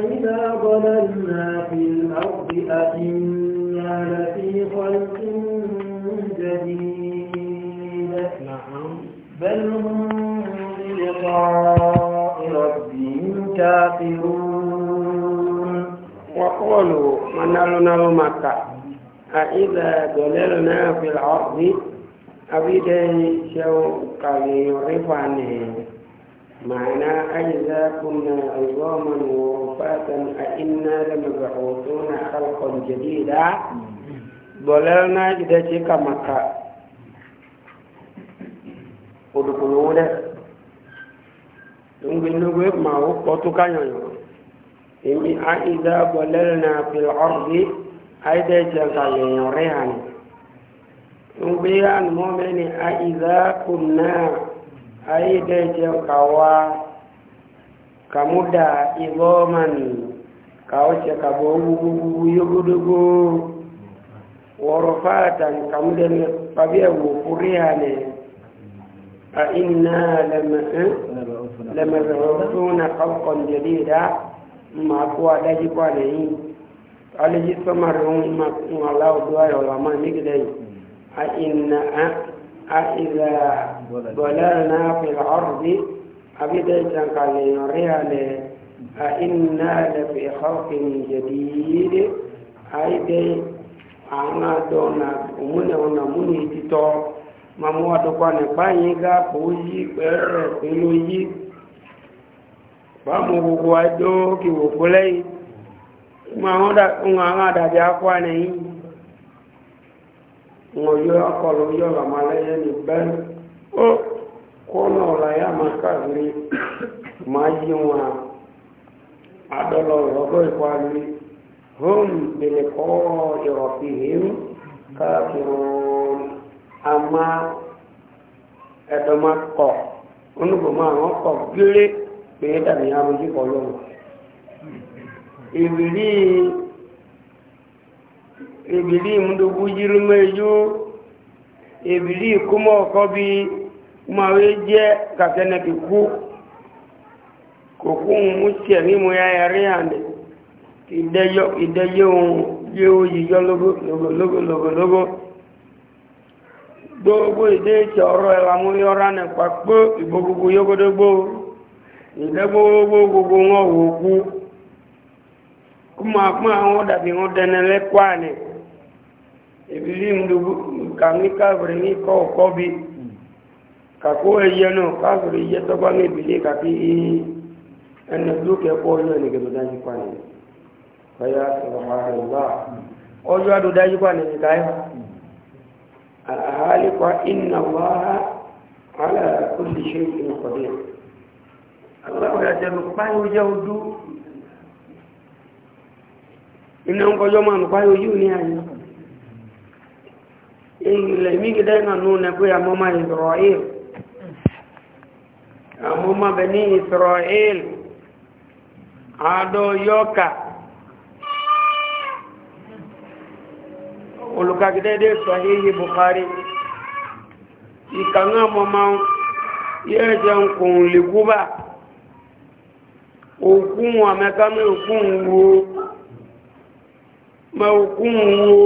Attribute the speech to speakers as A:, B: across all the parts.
A: إذا ضللنا فِي الْأَرْضِ أئنا لفي خلق جديد نعم
B: بل هم بلقاء ربهم كافرون وقالوا منالنا المكة أئذا ضللنا في الأرض أبدأ شوقا يعرفني معنى أئذا كنا عظاما ورسولا وفاة أئنا لمبعوثون خلقا جديدا بولرنا جدتك مكة ودخلوا ده تنقلوا ما هو قطوك إمي أئذا بولرنا في الأرض أيضا جنسا ينوريهاني تنقلوا أن مؤمن أئذا كنا أيضا جنسا kamuda igoman kaoche kabogugugugu yogodogo worofatan kamude pabia wufurihane ainna lamabuthuna eh? halkan jadida makuwa daji kwaleyi aliji somarun ngalau duwayo lama migidai ainna aidha eh? ضللنا في الأرض abida jankale reale a inna la fi khalqin jadid aide ana dona umune ona muni tito mamu atokwa ne panyinga kuyi pere piloyi bamu gugu ajo kiwokulei mahonda nganga dabi akwa ne yi ngoyo akolo yo la maleye ni ben o oh. kọ́nà Ma yá máa káàkiri máa yí wọn àdọ́lọ ìrọ́gọ́ ìkọ́ àgbé hom bèlè kọ́ ìrọ̀fì hìm káàkiri àmà ẹ̀dọ́mà kọ̀ onúgbò máa wọ́n kọ̀ gbélé pé dàbí amójú kọ́ lọ́wọ́ ìrírí ìrírí ìmúdógún bi. mawe je kakene kiku kuku mutia ni mu ya yare ande ide yo ide yo ye o yi yo logo logo logo logo logo do bo ide che oro e la mu yo ne pa po ibo gugu yo godo bo ide bo bo gugu ngo gugu kuma kuma ngo da bi ngo dene le kwa ne ibili e mdu kamika vrini ko ko bi ko kàkó ẹyẹ náà káàkiri iye tọ́gbà ní ìbílẹ̀ kàkí ẹni lókè pọ̀ ọjọ́ ìnìkẹ̀tọ̀ dájú pa nìyẹn báyà sọ̀rọ̀mọ́rẹ́lá ọjọ́ àdó dájú pa nìyẹn káyà àhálíkọ́ iná wá hálà ó sì ṣe ìkọ̀dé aláwọ̀ ìyàjẹ̀lú páyọ̀ jẹ́ ojú iná ń kọjọ́ máa nù páyọ̀ ojú ní àyè ilẹ̀ mí gidẹ́ náà nù nẹ́kọ́ ya mọ́mọ́ ìrọ̀ àmúmọ́ bẹ̀ ní israel àádọ́ yọ́ọ̀kà olùkàgídẹ́dẹ́ sọ̀híhì buhari ìkànnà mọ́mọ́ yẹ́ jẹun kò lè gúbà òkun àmẹ́ká mẹ́ òkun wo mẹ́ òkun wo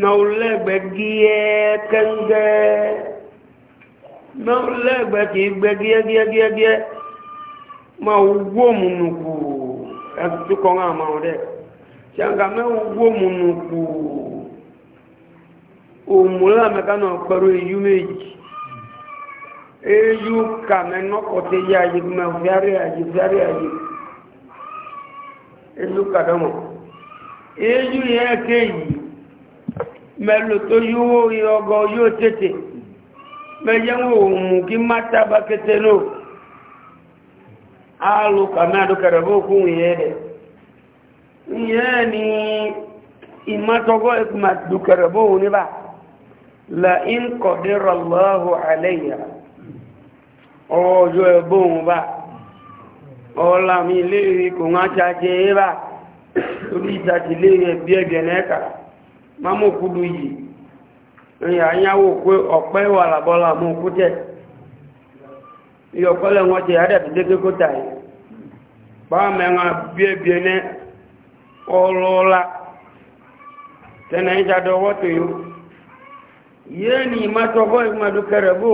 B: na olẹ́gbẹ̀ẹ́ gíẹ́ kẹ́ngẹ́ẹ́ lẹ́gbẹ̀ẹ́ kìí gbẹ gíẹ́gíẹ́gíẹ́ ma wó múnukù ẹ̀tùkọ́ náà ma rẹ̀ ṣàǹkà mẹ́wọ́ wó múnukù òmùlá mẹ́kánà pẹ̀lú iyú méjì eyu kà mẹ́nọ́kọ̀tẹ́ yá a mẹ́fíárì ayé fíárì ayé eyu kàdámọ̀ eyu yẹ́ kéyìí mẹ́lò tó yíwó yọgọ yóò tètè mẹjẹun òun kí má tábà kété náà áàlù kàmí àdókẹrẹ bó ni ìmátọgọ́ ìdókẹrẹ bó wù níbà la in kọ̀dẹ̀rọ̀ lọ́hù àlẹ́yà ọjọ́ mi bá ọlá mi léèrè kò ń àṣàjẹ́ ti torí ìtàtìlẹ́yẹ bí ẹ̀gẹ̀ nẹ́ka mámọ́kúdù ìyà anyáwó pé ọ̀pẹ́ wà làbọ́là mú kú tẹ́ ìyọ̀kọ́lẹ̀ wọn ti adẹ́bìdégé kó tàí pàmẹ́wà bíẹ́bíẹ́ ní ọlọ́ọ̀lá tẹ́nà ìjádọ́wọ́ tó yóò yéé ni ìmátọ́gọ́ ìmọ̀dúkẹrẹ bó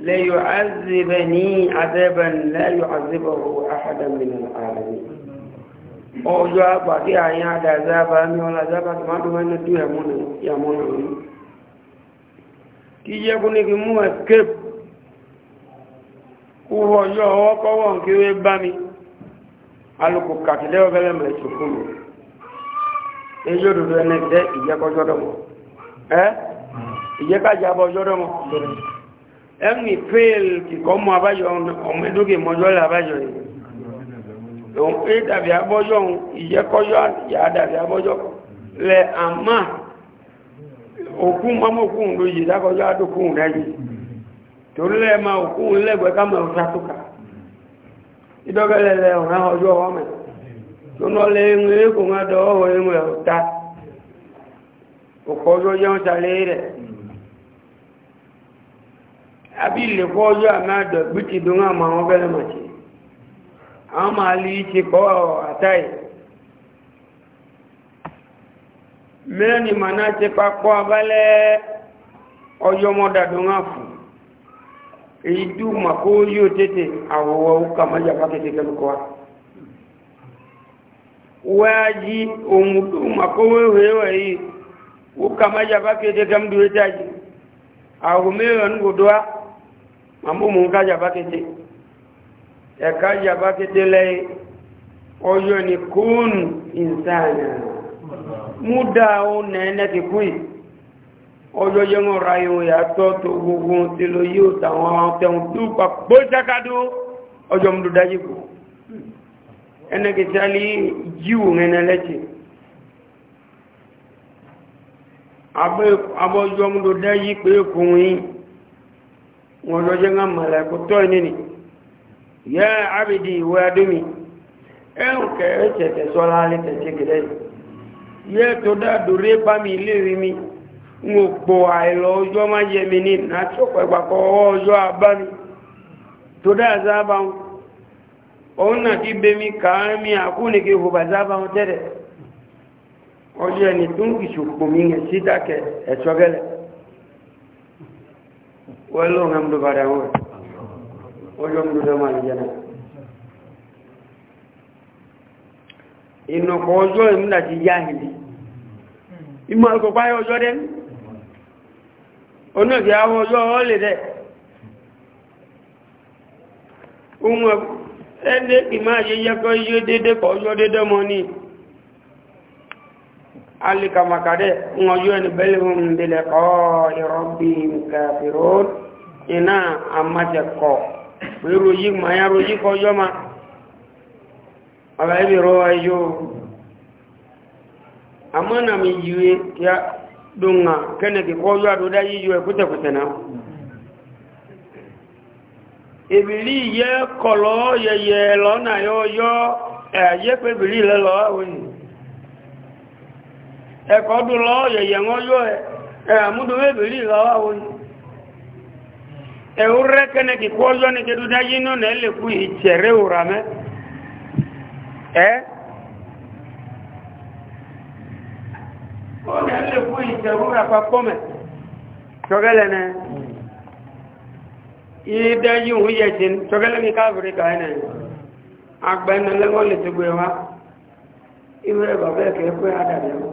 B: ليعذبني عذابا لا يعذبه أحدا من العالمين ọjọ́ àpàdé àyín àdàzába ní ọlázába tó máa dúnmọ́ ní tíwẹ̀ yàmúnà rí kí jẹ́ kú ní kí mú escape kú ọjọ́ ọwọ́ kọ́wọ́ kí ó bá mi alùkù kàtìlẹ́ ọgẹ́lẹ́ mẹ́rẹ̀ ẹ̀mì fail kìkọ́ mọ́ abájọ ọmọ ẹ̀dókè mọ́jọ́ lè abájọ yìí òun pé dàbí abọ́jọ́ òun ìyẹ́kọ́jọ́ yà dàbí abọ́jọ́ lẹ àmà òkú mọ́mọ́kùn ló yìí dákọjọ́ àdókùn rẹ̀ yìí torí lẹ́ máa òkún lẹ́gbẹ̀ẹ́ ká mọ̀ ọ̀sá tó ká ìdọ́gẹ́lẹ̀ lẹ ọ̀rán ọjọ́ ọmọ tó ná lé ń rí kò ń adọ́ ọ̀rọ̀ ẹ̀mọ̀ ẹ̀ta òkú ọjọ́ jẹun sálé rẹ̀ abi le kwa ojo ama ado gbiti dun ama awon bele ma ti awon ma li ti ko atai mere ma na ti papo abale ojo mo da dun afu e du ma ko tete awo o ka ma ja ka tete wa ji o mu du ma ko we we wa yi o ka ma ja ka tete ji awo me ran go mamumu ń kájà bá kété ẹ̀ka jà bá kété lẹ́yìn ọyọ́ ni kóònù ìsáàyà mú dá ó nẹ́ẹ̀nẹ́ ti kú yìí ọjọ́ yẹn ọ̀rọ̀ ayò yàtọ̀ tó gbogbo tí ló yíò tàwọn ọ̀tẹ̀hùn tó pàpọ̀ jákàdó ọjọ́ mú dájí kù ẹnẹ́kẹta lè jíwò ẹnẹ́ wọn lọ́jọ́ ń mọ̀lá kó tọ́ nínú yá àbìdì ìwé adómi ẹ̀hùn kẹ̀ẹ́ tẹ̀tẹ̀ sọ́lá alẹ́ tẹ̀tẹ̀ kẹ̀lẹ́ yẹ́ tó dáàdù rí bá mi ilé rí mi ń pò àìlọ ọjọ́ má yẹ mi ní nàtọ́pọ̀ ìpàkọ́ ọjọ́ abáni tó dáàdù bá wọn òun mi kàá mi àkúnìkè ẹ̀ṣọ́gẹ́lẹ̀ wọ́lọ́ ọ̀hánbó bára wọn ọjọ́ ń dúdọ́ máa jẹ́ náà ìnàkọ̀ ọjọ́ ìmúdà ti yá ìdí ìmọ̀ ọkọ̀ páyẹ ọjọ́ dẹ́ onáàkì àwọn ọjọ́ ọlẹ̀ dẹ́ ohun ẹgbẹ́ ìmáyẹyẹ kọ́ iye dédé kọ́ ọjọ́ dédé mọ́ ní alika makade ngojo ni belhum bile ko rabbihim kafirun ina amaje ko biru yi maya ru yi ko yoma ala ibi ro ayo amana mi yiwe ya dunga kene ki ko yo do da yi yiwe kute kute na ibili ye kolo ye ye lo na yo yo e ye pe ibili le lo awoni ẹ̀kọ́ dùn lọ yẹ̀yẹ̀ wọ́n yọ ẹ̀ àmúdówébìlì ìlàwà wọn ẹ̀wúrẹ́ kẹ́nẹ̀ kì kọ́ yọ́ ní kẹdúdá yìí náà nẹ́ lè kú ìtẹ̀rẹ́ òrà mẹ́ ẹ́ ó nẹ́ lè kú ìtẹ̀rẹ́ òrà papọ̀ mẹ́ tọ́gẹ́lẹ̀ nẹ́ ìdá yìí òun lè tó gbé wa ìwé bàbá ẹ̀kẹ́ pé adàdẹ́wọ́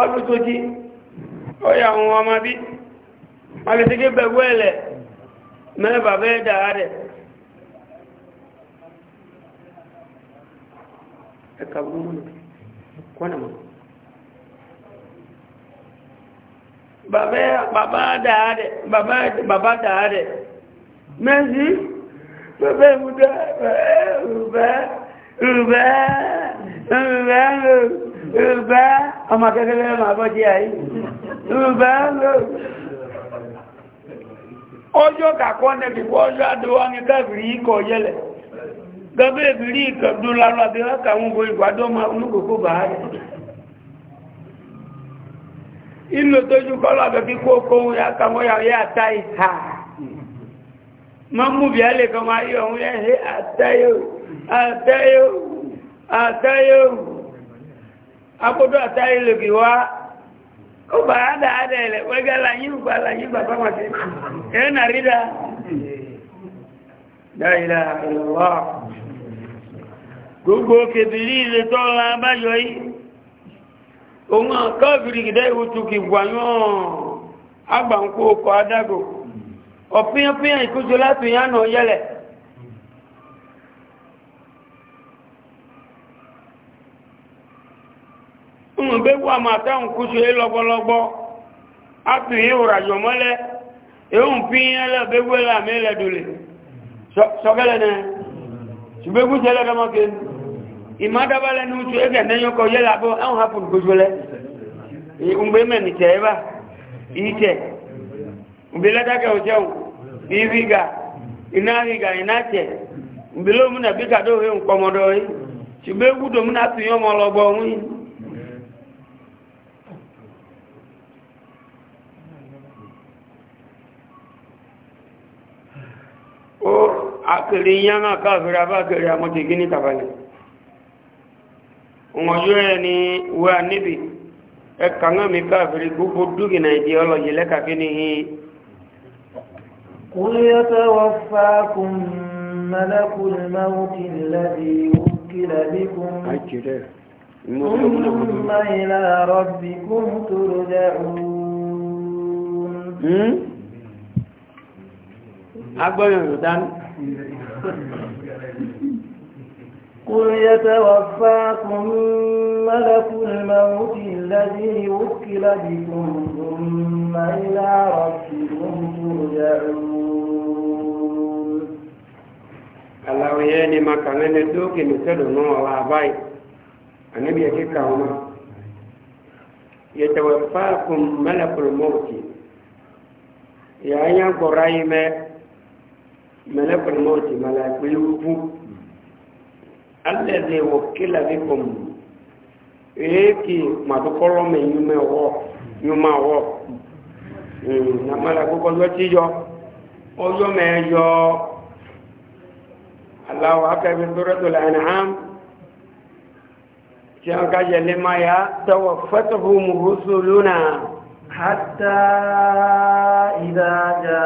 B: ọlùtòjì ọyà àwọn ọmọ bí agbèsèké bẹ̀wú ẹ̀lẹ̀ mẹ́bàá bẹ́ẹ̀ dàá rẹ̀ ẹ̀ka bàbá dàá rẹ̀ bàbá bàbá ìmúdá rẹ̀ rùbẹ́ rùbẹ́ rùbẹ́ Ìbẹ́ ọmọ kẹ́kẹ́rẹ́ máa bọ́ jẹ́ àyí. Ìbẹ́ ọjọ́ kàkọ́ nẹ́bí wọ́n ọjọ́ àdúwọ́ ní kẹfìrí ikọ̀ yẹlẹ̀. Gẹ́gẹ́ ìbìrí ìkẹ̀dú lálọ́bí lákàwọn gbogbo ìgbàdọ́ máa rẹ̀. tójú ya kọ́ àtẹ́yò, àtẹ́yò, àtẹ́yò. akodo ata ile wa o ba ada ada ile wega la yin ba la yin baba ma e na rida la ilaha illallah gbogbo kebiri ile to la ba yo yi o ma ka biri gide o tu agba nkwụ ko adago opin opin ikujo lati yan no yele mgbewu amata nkwusu ịlọgbọlọgbọ apụ ihe ụra jọmọlẹ ewu mpi ihe lọ ele ama ele dole sọgẹlẹ nẹ ṣùgbegwu jẹ lọ ege hapụ mgbe ẹ bá ìtẹ mgbe lẹdàkẹ ọjọun ìhìgà ìnáhìgà ìnáchẹ mgbe ihe ọmọlọgbọ ó akèrè yánà káàkiri abákèrè àmọ́tẹ̀kí ní kàbàlẹ̀ ọmọjọ́ ẹ̀ ni wà níbi ẹka náà mi káàkiri gbogbo dúkì nàìjíríà ọlọ́yẹ lẹ́kàkí ní hí
A: kúlẹ̀tẹ̀ wọ́n
B: agbọ́yàn yóò dánú
A: قل يتوفاكم ملك الموت الذي وكل بكم ثم إلى ربكم ترجعون
B: الله يني ما كان ندوك نسلو نوع العباي النبي يكيك هما يتوفاكم ملك الموت يا أيها القرائمة mẹlẹ́kùn náà ti mẹ́lẹ́ pé ó bú alẹ́dẹ̀ wọ kílà bí kọ̀mù èékì màdúkọ́rọ́ mi yúmẹ̀ wọ́ yúmẹ̀ wọ́ nàmàlà kókó ọjọ́ tí yọ ọjọ́ mẹ́ yọ aláwọ̀ akẹ́bí tórẹ́tò lẹ́yìn hàn tí wọ́n ká yẹ lé máa tọwọ́ fẹ́tọ̀fù mùrùsùlùnà hátà ìdájà.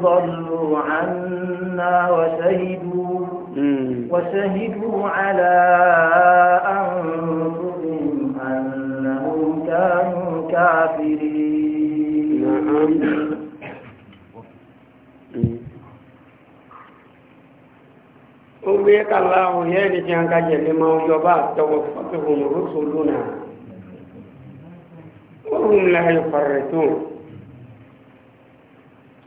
A: ضلوا عنا وشهدوا وشهدوا على أنفسهم أنهم كانوا كافرين نعم
B: أولئك الله يرجع عنك جل ما وجبات توفتهم رسلنا وهم لا يفرطون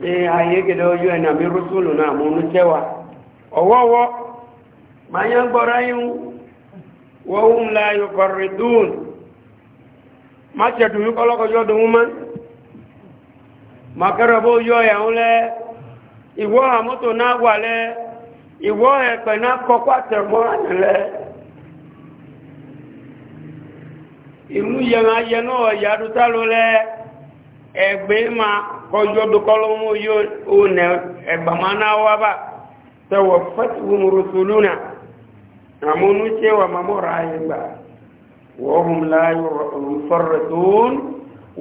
B: Eh, ayé gẹ̀dẹ̀ ojú ẹ̀nà mi rúsùlù náà mú ní tẹ́wà ọwọ́wọ́ ma yán gbọ́ra yíò wọ́wọ́n láyò kọ̀rì dùn ma ṣe dùn yí kọ́lọ́kọ́jọ́ dùn mọ́ ma kẹ́rọ bó yọ ẹ̀hún lẹ́ ìwọ́ àmótò náà wà lẹ́ ìwọ́ ẹ̀pẹ̀ náà kọ́kọ́ àtẹ̀mọ́ ìrún yẹ̀ ma yẹ náà yàdútà ló lẹ́ ẹ̀gbẹ́ ma kọjọ́ dùkọ́lọ́ mú yóò nẹ ẹgbàmánà wá bá tẹwọ fẹ́tìwọ̀n rọ̀sọ̀lúnà àmúnú ṣe wà mamọ́ra ayé gbà wọ́n láyé fọ́rọ̀ tó ń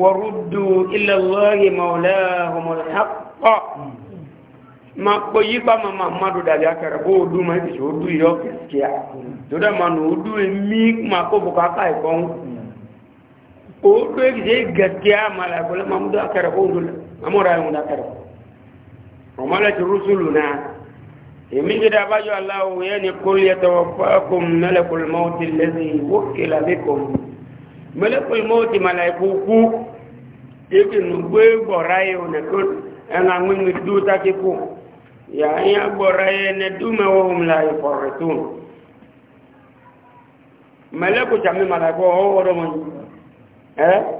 B: wọ́rúdù ilẹ̀lọ́yẹ mọ̀lẹ́ ọmọlẹ́pọ̀ ma kpọ yí bá mama madu dàbí akẹrẹ bó o dùn ma ẹ ti sọ o dùn yọ kẹsíkẹá tó dẹ ma nù o dùn mí ma kó bùkà ká ẹkọ ń o dùn ẹ ti sẹ gẹsíkẹá ma la ẹkọ lẹ ma mú dùn akẹrẹ bó o dùn lẹ amúra ẹ̀hún dákẹ́rọ̀ ọmọlẹ́tì rúṣùlù náà èmi ń jẹ́dá abájọ́ aláwọ̀ yẹn ni kó lè tọwọ́ fáakùn mẹ́lẹ́kùn mọ́tì lẹ́sìn ìwókè làbíkùn mẹ́lẹ́kùn mọ́tì màláìkú kú ebi nu gbé gbọ̀ra yẹ wọn kó ẹ̀nà mímu dú tákì kú yà ń yà gbọ̀ra yẹ ẹ̀nà dúmẹ̀wọ̀ wọn là yẹ kọ̀rọ̀ tó mẹ́lẹ́kùn sàmì màláìkú ọ̀wọ́ wọ́n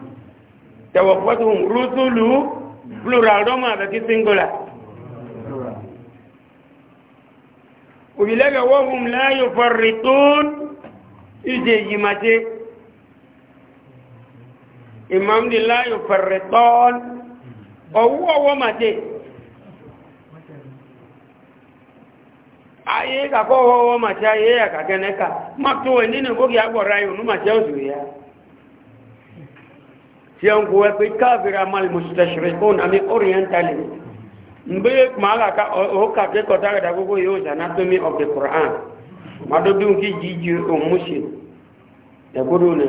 B: tẹ̀wọ̀pọ̀tún rúsùlù plural rọ́mù àbẹ̀kí singular òbílẹ́gẹ̀ wọ́hùn láyò fọ́rí tó ìjẹ yìí máa ṣe ìmọ̀mdí láyò fọ́rí tó ọwọ́ ọwọ́ máa ṣe ayé kàkọ́ ọwọ́ ọwọ́ máa ṣe ayé àkàkẹ́ nẹ́ka má tó ẹ̀ nínú kókè agbọ̀ra ìhùnú máa ṣe òṣèré yá tí ó ń kó wẹ́pẹ́ káàfìrà máa lè mọ̀sítẹ̀ṣẹ̀rẹ̀kún àmì orientalist ya màálàká òkà kékọ̀ọ́ tàgàdà gbogbo yóò anatomy of the quran madodun kí jíjí òun muslim ẹ̀kúrò ní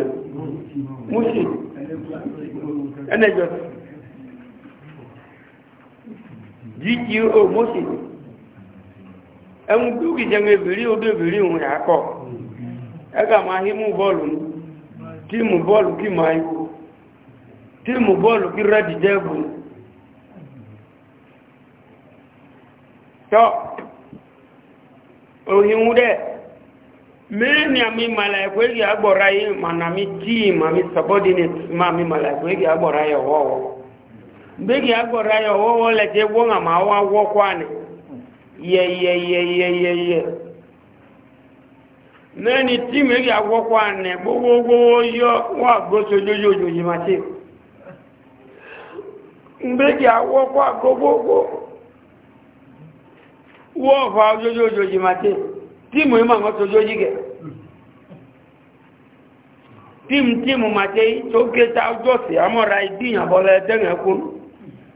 B: tíìmù bọ́ọ̀lù kí rẹ́dì jẹ́bù tọ́ òhìnwú dẹ̀ mẹ́rin àmì màlàíkò èkì agbọ̀ra yìí mànà mi tíìmù àmì subordinate ma mi màlàíkò èkì agbọ̀ra yìí ọwọ́wọ́ bẹ́ẹ̀kì agbọ̀ra yìí ọwọ́wọ́ lẹ́tẹ́ wọ́n àmà wá wọ́kọ́ àná yẹyẹyẹyẹyẹ mẹ́rin tíìmù èkì agbọ́kọ́ àná gbogbogbò yọ wọ́n àgbóṣojójójò yìí máa tíìmù mgbe ji awọ ọkwa gogogo wọ́ ọ̀fà ojójó ojójì màtí tíìmù ìmọ̀ àwọn ojójì gẹ̀ tíìmù tíìmù màtí tó kéta ọjọ́ sí àmọ́ra ìdíyàn bọ́lá ẹ̀dẹ́rìn ẹkún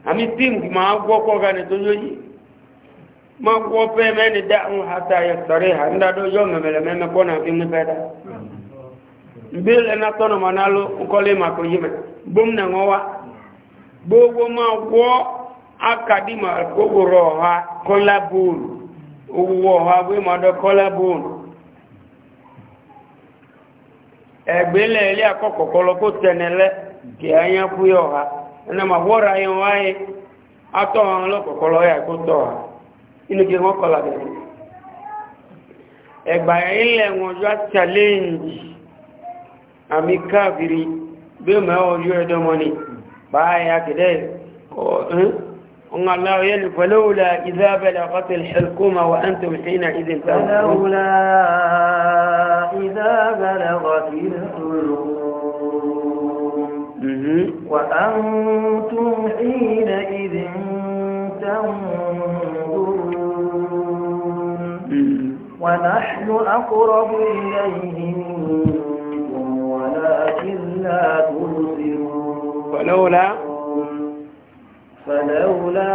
B: àmì tíìmù máa gbọ́kọ́ gani tó jójì ma gbọ́ pẹ́ mẹ́ni dáhùn àtàyẹ sọ̀rẹ́ àndádọ́jọ́ mẹ́mẹ́lẹ́mẹ́mẹ́ kọ́nà kí ní fẹ́ dá mgbé lẹ́nà tọ́nà gbogbo ma wọ akadima gbogbo ọha kọ́lá bọọlụ. ọha wé máa dọ́ kọ́lá bóòlù ilẹ ilé àkọ́kọ̀ kọlọ kó tẹ̀nẹ̀lẹ́ kì ọha ẹ̀nà máa wọ́ra yẹn wáyé atọ́ àwọn ọlọ́kọ̀kọ́lọ́ yà kó ọha inú kí wọn yọ àmì bí بايا كده الله يلي فلولا إذا بلغت الحلقومة وأنتم حينئذ تنظرون فلولا
A: إذا بلغت الحلقوم وأنتم حينئذ تنظرون ونحن أقرب إليه منكم ولكن لا تنظرون فلولا فلولا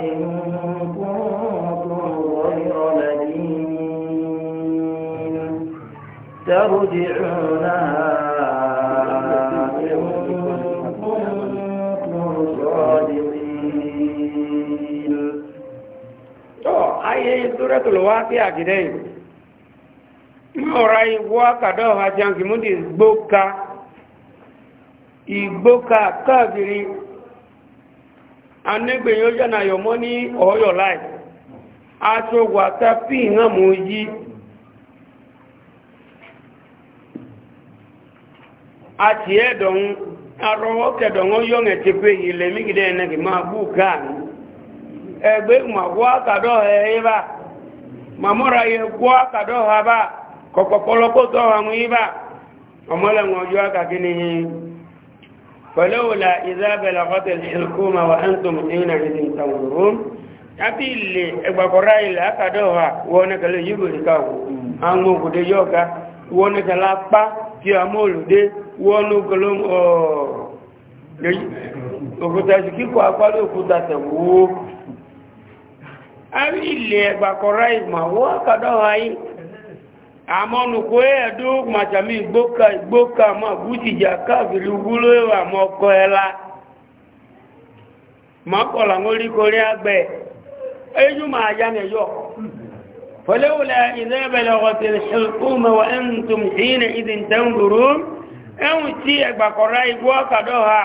A: إن كنتم غير مدينين ترجعونها إن كنتم صادقين
B: أي سورة الواقعة كده ọ̀rọ̀ ìwọ́ kàdọ́ ọ̀hájá kìí mú ti igbokatagri aa egbeye ojo na yomone olif achụ ụgwọ taf hami achie doarụwoke donụ jio na-echekwa eyile megide n ma go ka egbe ma gwụ kadoha e ma mraie gwụọ kadoha baa kaọkọkpọrọpot ha nwụ ịba mle nwajo aka gị n'ihe فلولا إذا بلغت الحلقوم وأنتم حينئذ تنظرون àti ilé ẹgbàkọ̀rá ilẹ̀ àkàdọ́wà wọ́nẹ́kẹ̀lẹ̀ yìí ìrìkàwò àwọn òkùdé yọ́ka wọ́nẹ́kẹ̀lẹ̀ apá tí a mọ́ olùdé wọ́nẹ́kẹ̀lẹ̀ òkúta sí kíkọ́ apálé òkúta àmọ́nukú ẹ̀ẹ́dú màtàmí gbóka gbóka mọ́ gúúsìjà káàkiri wúlò wa ọkọ ẹ la mọ́kànlá ń rí korí agbẹ́ ẹjú máa yá ni yọ fọléwòlá ìdẹ́bẹ̀lẹ̀ ọ̀tẹ̀lẹ̀ ṣẹlẹ̀kùnmọ̀ wà ń tún ìhìn ìdìn tẹ́ǹgùrú ẹ̀hùn tí ẹgbàkọ̀rá igbó ọ̀kadọ̀ ha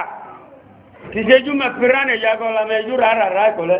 B: ti ṣẹ́jú mẹ́fìrán ẹ̀yà kọ́lá mẹ́jú rárá rárá kọ́lẹ́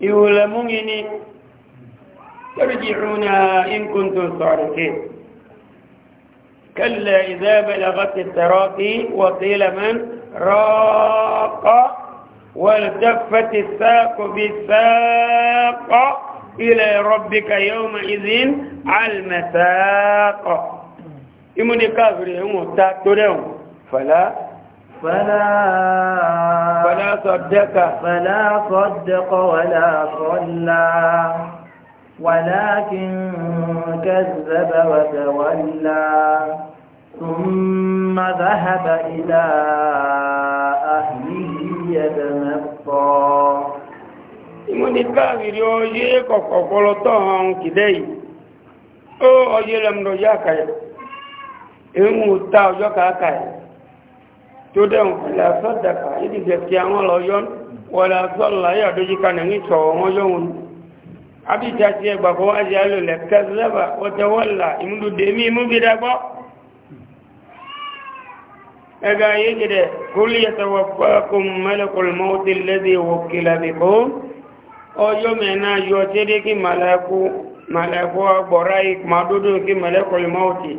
B: يولمونني ترجعونها إن كنتم صادقين كلا إذا بلغت التراقي وقيل من راق والتفت الساق بالساق إلى ربك يومئذ المساق إمني كافر هم فلا فلا فلا صدق فلا صدق ولا
A: صلى ولكن كذب وتولى ثم ذهب إلى
B: أهله يتمطى mo káàkiri ọyé kọ̀kọ̀ pọlọtọ́ ọ̀hún kìdẹ́ yìí ó ọyé lẹ́mdọ̀ yá kàyà èéhùn ta ọjọ́ kàákàyà tó dẹ̀hùn pẹ̀lú àsọ́dàkà ìdí gẹ̀ẹ́sì àwọn lọ́yọ́ wọ́n sọ́lá yà dójú kanà ní sọ̀wọ́ wọn yóò abidjan ti ẹgbà kó wájú alòlẹ̀ kẹsìlẹ́bà ọ̀tẹ̀wọ́là ìmúdùdé mí mú bí dàgbọ́ ẹgbà yìí gẹ̀dẹ̀ kó lè sọ̀wọ́ fún mẹ́lẹ̀kọ̀lùmọ́ ti lẹ́dí wọ́kìlà bìkó ọjọ́ mẹ́ná yọ tẹ́lẹ̀ kí mẹ́lẹ̀kọ́ gbọ́ra yìí kùmà dúdú kí mẹ́lẹ̀kọ̀lùmọ́ ti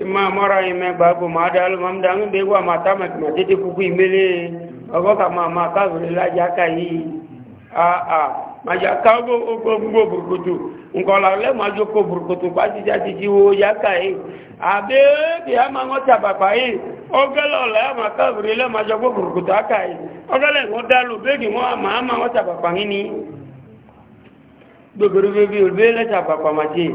B: ima mara ime bago madalu mamdangu begwa matama kimatete kuku imele ogoka mama kavule la jaka hii a a majaka go ogo mbo burkutu nkola le majoko burkutu kwati jati jiwo jaka hii abe bi ama ngota papa hii ogelo le ama kavule le majoko burkutu aka hii ogele ngodalu begi mo ama ama ngota papa ngini dogoru bebi ulbele cha papa maji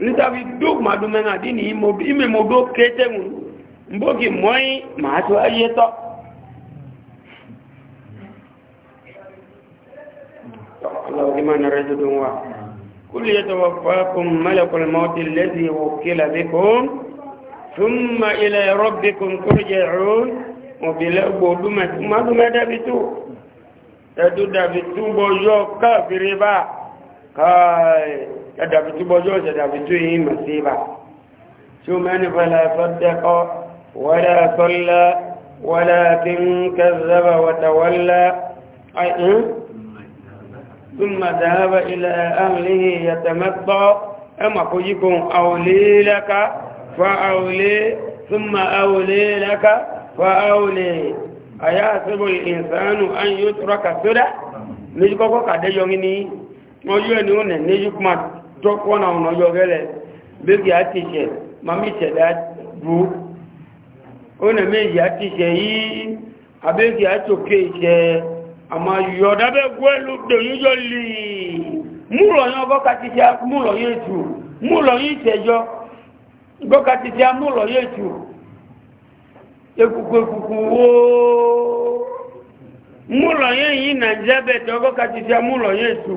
B: nítorí dùk màdùmẹ́nà dí ní ìmèmòdó kéétẹ́mù mbókì mọ́yìn màá tó ayé tọ́ اللهم نرجد كل يتوفاكم ملك الموت الذي وكل بكم ثم إلى ربكم ترجعون وبالأبود ما دم دابتو تدو دابتو بوجو كافر با كاي ẹ̀dàbí tí bọ́jọ́ ìṣẹ̀dàbí tó yìí mọ̀ sí ibà tí ó mẹ́ni fẹ́lẹ̀ sọ́dẹ́kọ́ wọ́lẹ̀ sọ́lẹ̀ wọ́lẹ̀ tí ń kẹzẹ́bà wọ́tawọ́lẹ̀ àìyàn ثم ذهب إلى أهله يتمطى أما فجكم أولي لك فأولي ثم أولي لك فأولي أيحسب الإنسان أن يترك سدى نجيكوكو كدجوني نجيكوكو كدجوني نجيكوكو tọ́kọ́ náà ọ̀nà ọjọ́ rẹ̀lẹ̀ bébì mami ṣẹ̀dá bú ó nà méjì á ti ṣẹ̀ yìí àbébì á tòkè ṣẹ̀ àmà yọ̀ dábẹ́ gbẹ́lú dèyújọ́ lì múlọ̀yán bọ́ka ti ṣe múlọ̀yán ètù múlọ̀yán ìṣẹ̀jọ́ bọ́ka ti ṣe múlọ̀yán ekuku ekuku wóó múlọ̀yán yìí nàìjíríà bẹ̀tẹ̀ ọgọ́ka ti ṣe múlọ̀yán ètù.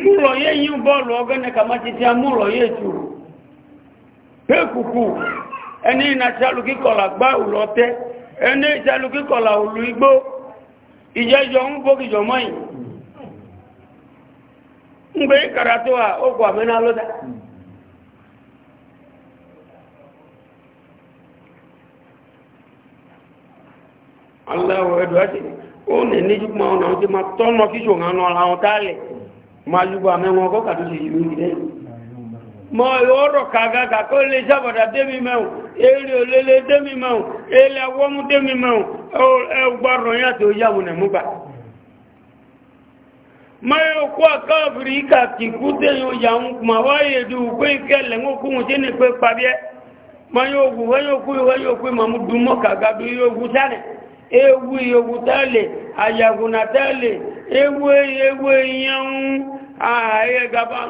B: n'ụlọ yé yí bọ́ọ̀lù ọgọ́nẹ kàmá ti tí a múlò yé tù pé kùkù ẹni ìnà ìṣàlù kíkọ̀lá gbá òlò ọtẹ́ ẹni ìṣàlù kíkọ̀lá igbó ìjẹjọ ń gbókìjọ mọ́yìn ń gbé ìkàrà tó wà ó majugo ameng'o ko kadu si yumi de mo yoro kaga ka ko le jabada demi mau ele olele demi mau ele awomu demi mau o e gbaro ya to ya mu ne mu ba ma yo ko ka afrika ki kude yo ya un ma wa ye du ko ikele ngo ku je ne pe pa bie ma yo gu wa yo ku wa yo ku ma ewu yo gu tale ayaguna tale ewu ewu yan ààyè gaba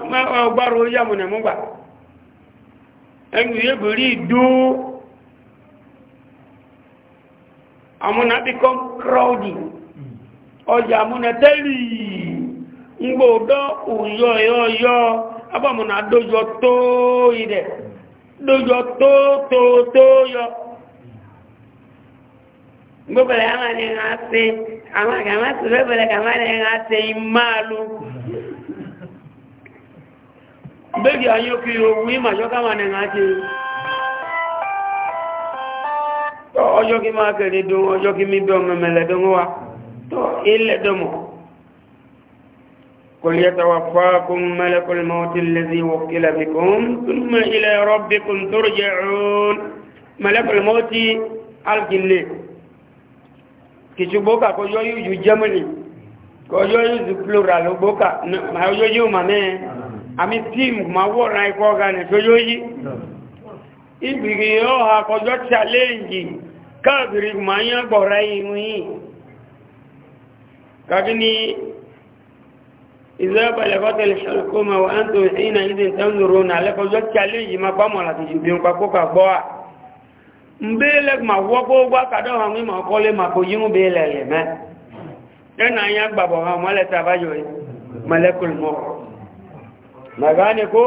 B: gbára ó yàmù nà múgbà ẹnu rí ìdú become crowded ọjà àmúnà tẹ́lì ngbòdó òyọ yọ́yọ́ abàmúnà dójọ tó ìdẹ̀ dójọ tó tó tó yọ gbogbo àwọn gbégi ayókí ohun ìmà ṣọ́káwà ní àti ọjọ́ kí máa kẹ̀lẹ̀ dùn ọjọ́ kí mi bẹ́ ọmọ mẹ́lẹ̀dùn wa tó ilẹ̀ dùnmọ̀ kò lè tàwà fákún mẹ́lẹ̀kùnmọ́ tí lẹ́sí wọ́kílẹ̀ fi kún túnmọ̀ ilẹ̀ rọ́bìkún tó rẹ̀ mẹ́lẹ̀kùnmọ́ tí alkìlẹ̀ kìtùgbókà kọjọ́ yóò jù germany kọjọ́ yóò jù plural gbókà ọjọ́ yóò màmẹ́ àmì tíìmù ma wọ́ra ikọ́ ọ̀gá ní tó yóò yí ìgbìgì ọ̀hà kọjọ́ challenge káàkiri ma yán gbọ̀ra ìwọ̀n yìí kàbí ní ìzọ́bà lẹ́kọ́tẹ̀lẹ̀ ṣàlùkọ́mà wà ń tó ìsìnà ìdí tẹ́mùrò náà lẹ́kọjọ́ challenge ma pàmọ̀ dị jùbí ma na gane ko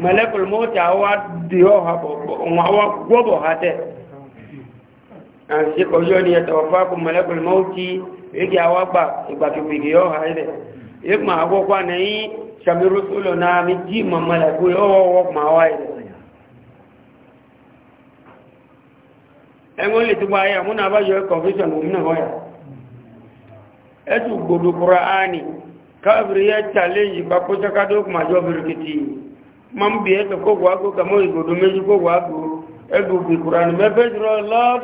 B: malakul mota wa diyo wa gobo hate an si ko yo ni yatawafakum malakul mauti yake awa ba igba ki bi yo ha ile e ma go kwa nei shami rusulo na mi ji ma malaku yo wo ma wa ile ẹ̀wọ́n lè tó bá yà múnà bá yọ ẹ̀kọ̀ fíṣọ̀nù òmìnà ọ̀yà ẹ̀tù gbogbo kúrò ka yẹ tàlẹ́ yìí bá kó sákádó kùmàjọ́ bìrìkìtì máa ń bì ẹ́ kó wàá gbó kàmọ́ ìgòdó méjì kó wàá gbó ẹgbò bì kùránì mẹ́fẹ́ jùlọ lord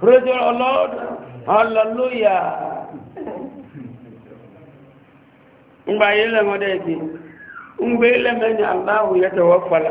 B: praise the lord hallelujah ngba yìí lẹ́mọ́ dẹ́ ti ngba yìí lẹ́mọ́ ni aláwọ̀ yẹ tẹ̀wọ́ falẹ̀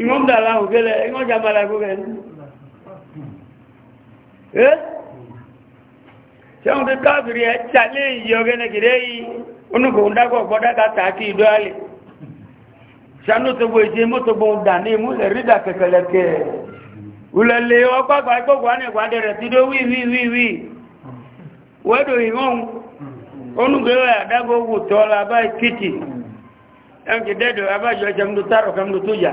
B: ìwọ́n dà láhùn gẹ́lẹ̀ ẹgbọ́n jà bàrà gbogbo ẹni ẹ́ ṣẹ́hùn tó káàkiri ẹ̀ tàlé ìyẹ ọgẹ́nẹ̀ gẹ̀rẹ́ yìí onúkò ń dágbọ̀ gbọ́dága tààkì ìdọ́alẹ̀ sanútogbo ìṣe mọ́togbo dà ní ìmúlẹ̀ rídà kẹ̀kẹ̀lẹ̀kẹ̀ ulẹ̀lẹ̀ ọgbàgbà gbogbo anìgbàdẹ rẹ̀ ti dó wíwíwíwí wẹ́dò ìwọ̀n onúgbẹ̀rẹ̀ àdágbò wù tọ́ la báyìí kìtì ẹnkì dẹ́dọ̀ abájọ́ ìṣẹ́mdútárọ̀ kẹmdútójà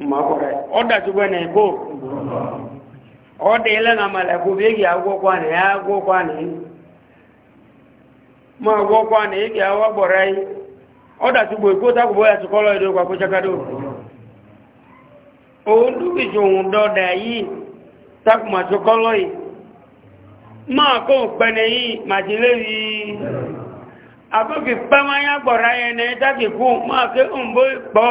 B: ọdàtúgbẹ́nà ìbò ọdẹ ilẹ́nà mọ̀lẹ̀kù bí i agbókwà ní ma agbókwà ní ìgbì awọ́gbọ̀rẹ́ yìí ọdàtúgbò ìkó takùbọ́ yàtù kọ́lọ̀ èdè òkwàkó chakadó òun dúkìsì òun dọ́dà yìí Ma kọ́lọ̀ yìí máa kó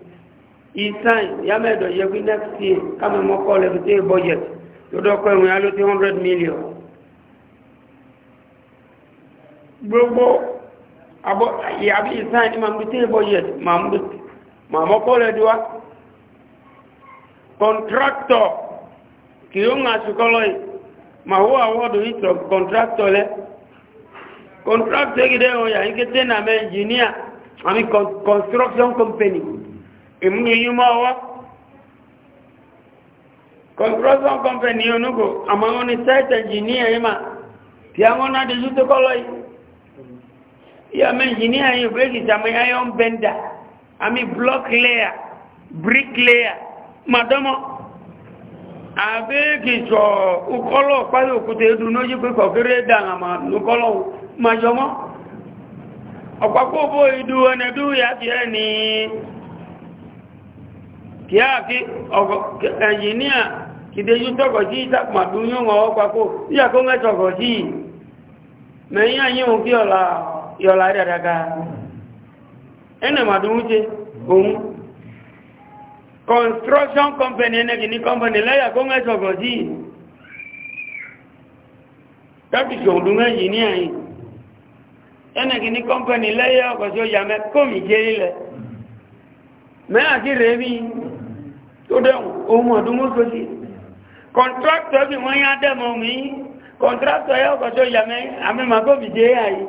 B: isan yamedo yegu next year kama moko le budget budget yodo ko en yalo 100 million gbogbo abo yabi isan ni mam budget budget mam budget mam ko le diwa contractor ki un asukoloi ma huwa wodo hito contractor le contractor gideo ya ingete na me engineer ami construction company ìmúyímọ́wọ́ construction company onúgbò àmàwọn ni site engineer yìí ma tí àwọn náà dẹjú tó kọ́lọ́ yìí yà mẹ́ engineer yìí break it àmì iron bender block layer brick layer madọ́mọ́ àbẹ́ẹ̀kì sọ ukọ́lọ̀ pálí òkúta edu lójú pé kọ̀kẹ́rẹ́ dànà mà lókọ́lọ̀ májọmọ́ ọ̀pàpọ̀ bó ìdú ẹnẹ́dú yà fi ẹ́ ní kiaki engineer kideju togo ji ta ma dunyo ngo kwa ko ya ko nga togo ji me ya yin o ki ola yola dada ga ene ma construction company ene kini company la ya ko nga togo ji tabi so dunga engineer yi ene company la ya ko so ya me komi je ile me a ti mi tó dẹ̀wọ̀n ohun ọdún mọ́sọ sí kọ̀ntrátọ̀ bí wọ́n yá dẹ̀mọ̀ mi kọ̀ntrátọ̀ yá ọkọ̀tọ̀ ìyàmẹ́ àmẹ́mà gómìdé àyí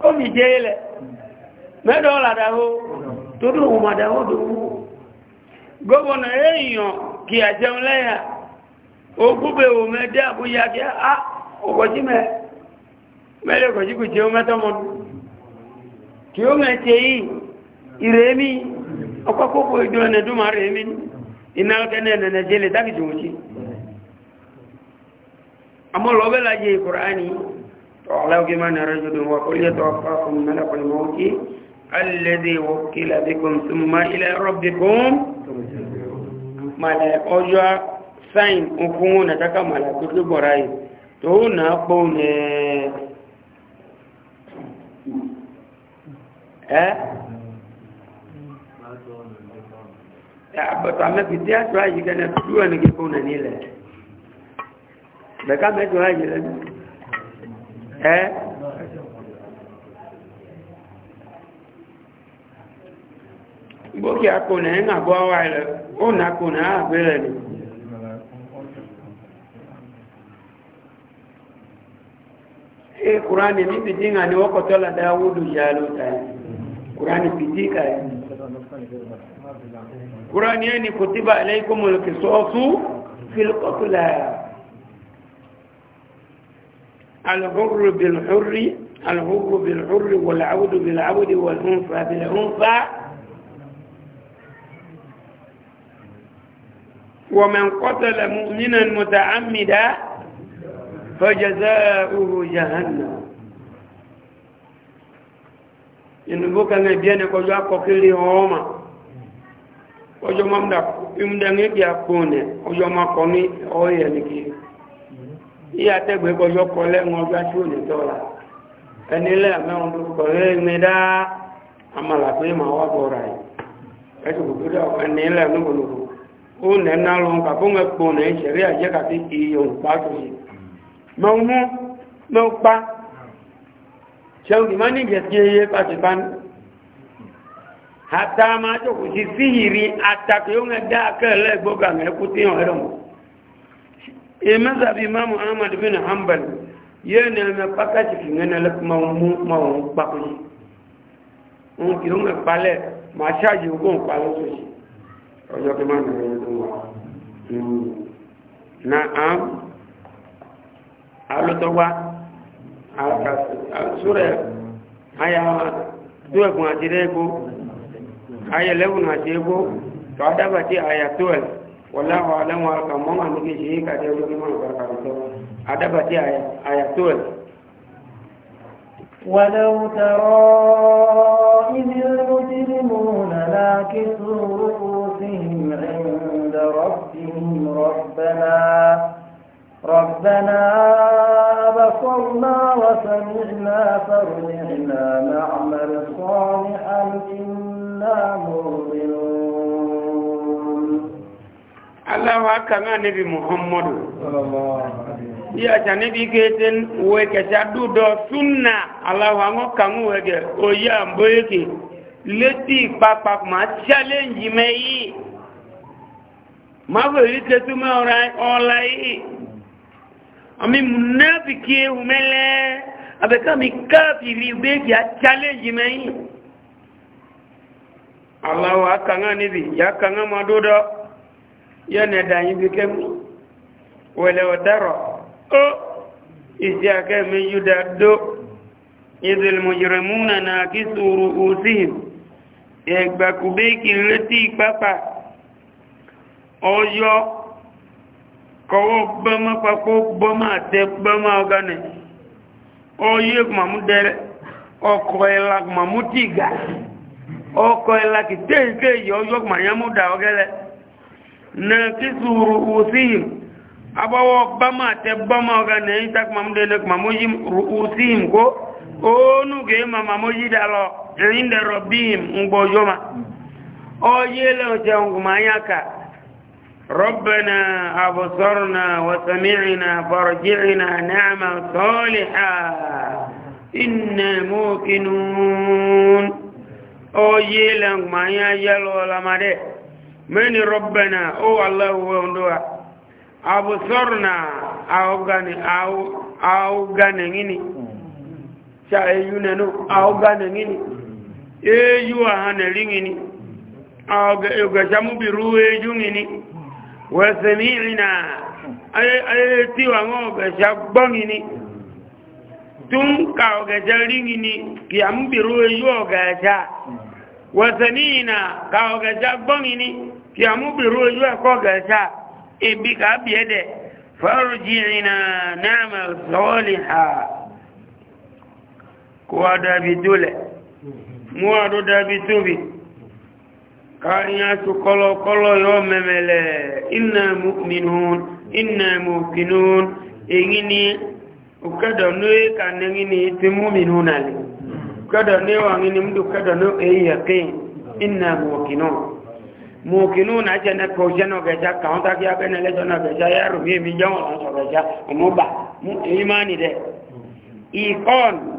B: gómìdé lẹ̀ mẹ́dọ̀ tó dùn ohun màdàwó dùn gómìnà èèyàn kì í o wò iná kẹ́nẹ̀ nẹ̀nẹ̀ jẹ́ lè dákìtì wọ́n tí àmọ́ lọ́wẹ́ láyé ìkùránì tọ́ọ̀lẹ́wọ́gí máa nà rẹ́jù dùn wọ́n kúrò yẹ́tọ̀ fáfún mẹ́lẹ̀kùn mọ́kí alẹ́dẹ̀ wọ́kí làbíkùn tó má ilẹ̀ rọ́bìkún màlẹ̀ ọjọ́ sáìn okun wọn àtàkà màlẹ̀ kúrò bọ̀rá yìí tó but ame fiti ato ayi kana duwa ne ke kona ni le be ka me to ayi le eh boki akona en abo wa le ona oh, akona abele ah, eh, ni
A: e qur'ani ni bidinga ni wako tola
B: dawudu ya lutai qur'ani bidika ni قران يعني كتب عليكم القصاص في القتلى الحر بالحر الحر بالحر والعود بالعود والأنثى بالأنثى ومن قتل مؤمنا متعمدا فجزاؤه جهنم inugo kange biene ko jwa ko kili homa ojo mamda imda ngeki akone ojo makoni oye niki iya tegbe ko jo kole ngo jwa chu ni dola enile ame ondu ko he meda amala pe ma wa borai ejo gudu enile ame ngulu o ne na lo ka bo nge ko sheria je ka ti iyo pa to yi mo mo mo pa ṣeun ìmọ́ni gẹ̀ẹ́gẹ́ pàtìpán hata ma tó kò sí síhìrí àtàkì yóò ń dá akẹ́lẹ́ gbogbo ẹ̀kú tí yàn ẹ̀rọ mọ̀ ìmẹ́sàbí mamu ahmad bin hanbal yẹ́ ni ẹ̀mẹ́ pákàtì fi ń ẹnẹ́lẹ́ ma mú ma òun pàkóyí òun kì í ọjọ́ kí máa nìyẹn hmm. tó wà na àm alótọ́wá àṣúrẹ̀ àyà dúẹ̀kùn àti rẹ́gbó àyà lẹ́wùn àti egbó tó adába tí àyà tóẹ̀ wọláwọ̀ alẹ́wọ̀n àkà mọ́mà ní kí ṣe é kàdé ọjọ́ mímọ̀ ìgbàkàtọ̀ adába tí àyà tóẹ̀ ولو ترى
A: إذ المجرمون ناكسوا رؤوسهم عند ربهم ربنا ربنا بصرنا وسمعنا فارجعنا نعمل
B: صالحا إنا مؤمنون الله أكبر نبي محمد صلى الله عليه وسلم ya cha nibi geten weke cha dudo sunna allah ango kangu wege oya mboyeke leti papa ma challenge me yi ma go ite tu me ora online Ami àmì múnáfìkì ewu mẹ́lẹ́ àbẹ̀kàmì káàfìrí ìgbéjì àchálẹ́jì mẹ́yìn aláwọ̀ akàngá níbi yàkàngá ma dúdọ́ yẹ́nà dáyín bí kẹ́mù wẹ̀lẹ̀ ọ̀dárọ̀ ó ìsì akẹ́mì yúdà dó ìzìlmùjìrìmúnà náà kí sùúrù òsìhìn ẹgbàkùbẹ́kì létí pápá ọjọ́ kọwọ́ gbọ́mọ́ papọ̀ gbọ́mọ́ àtẹ gbọ́mọ́ ọ̀gá ni ọyẹ́ màmú dẹrẹ ọkọ̀ ẹ̀la màmú tìgà ọkọ̀ ẹ̀la kìtẹ́ẹ̀kẹ́yẹ ọjọ́ màyámú dà ọgẹ́lẹ́ na kí sùúrù wùsíìm abọ́wọ́ gbọ́mọ́ àtẹ gbọ́mọ́ ọ̀gá ni ẹ̀yìn tá màmú dẹrẹ màmú yí wùsíìm kó òónú kìí ma màmú yí dà lọ ẹ̀yìn dẹrọ bíìm ń gbọ́ ọjọ́ ma ọyẹ́ lẹ́ ربنا أبصرنا وسمعنا فارجعنا نعما صالحا إنا موقنون أو يلن ما يجلو لما من ربنا أو الله وندوا أبصرنا أو غني أو أو غني شايفين نو أو غني غني إيه يوهان غني أو غشامو بيرو إيه wẹ̀sẹ̀mìírìnà ayé tí àwọn ọ̀gẹ̀ṣẹ́ gbọ́ngi ni tó ń ka ọ̀gẹ̀ṣẹ́ rígi ni kì á ń bèrò eyú ọ̀gẹ̀ṣẹ́ wẹ̀sẹ̀mìírìnà ka ọ̀gẹ̀ṣẹ́ gbọ́ngi ni kì á ń bèrò eyú ẹ̀kọ́ ọ̀gẹ̀ṣẹ́ ebi kà كاريات قلو قلو يوم ملا إنا مؤمنون إنا موقنون إغني وكذا نوي كان إغني تمؤمنون علي كذا نوي وإغني مدو كذا نوي يقين إنا موقنون موقنون أجنا كوجنا وجا كون تاكي أبنا لجنا وجا يا ربي من جوا وجا ومبا إيماني ده إيقان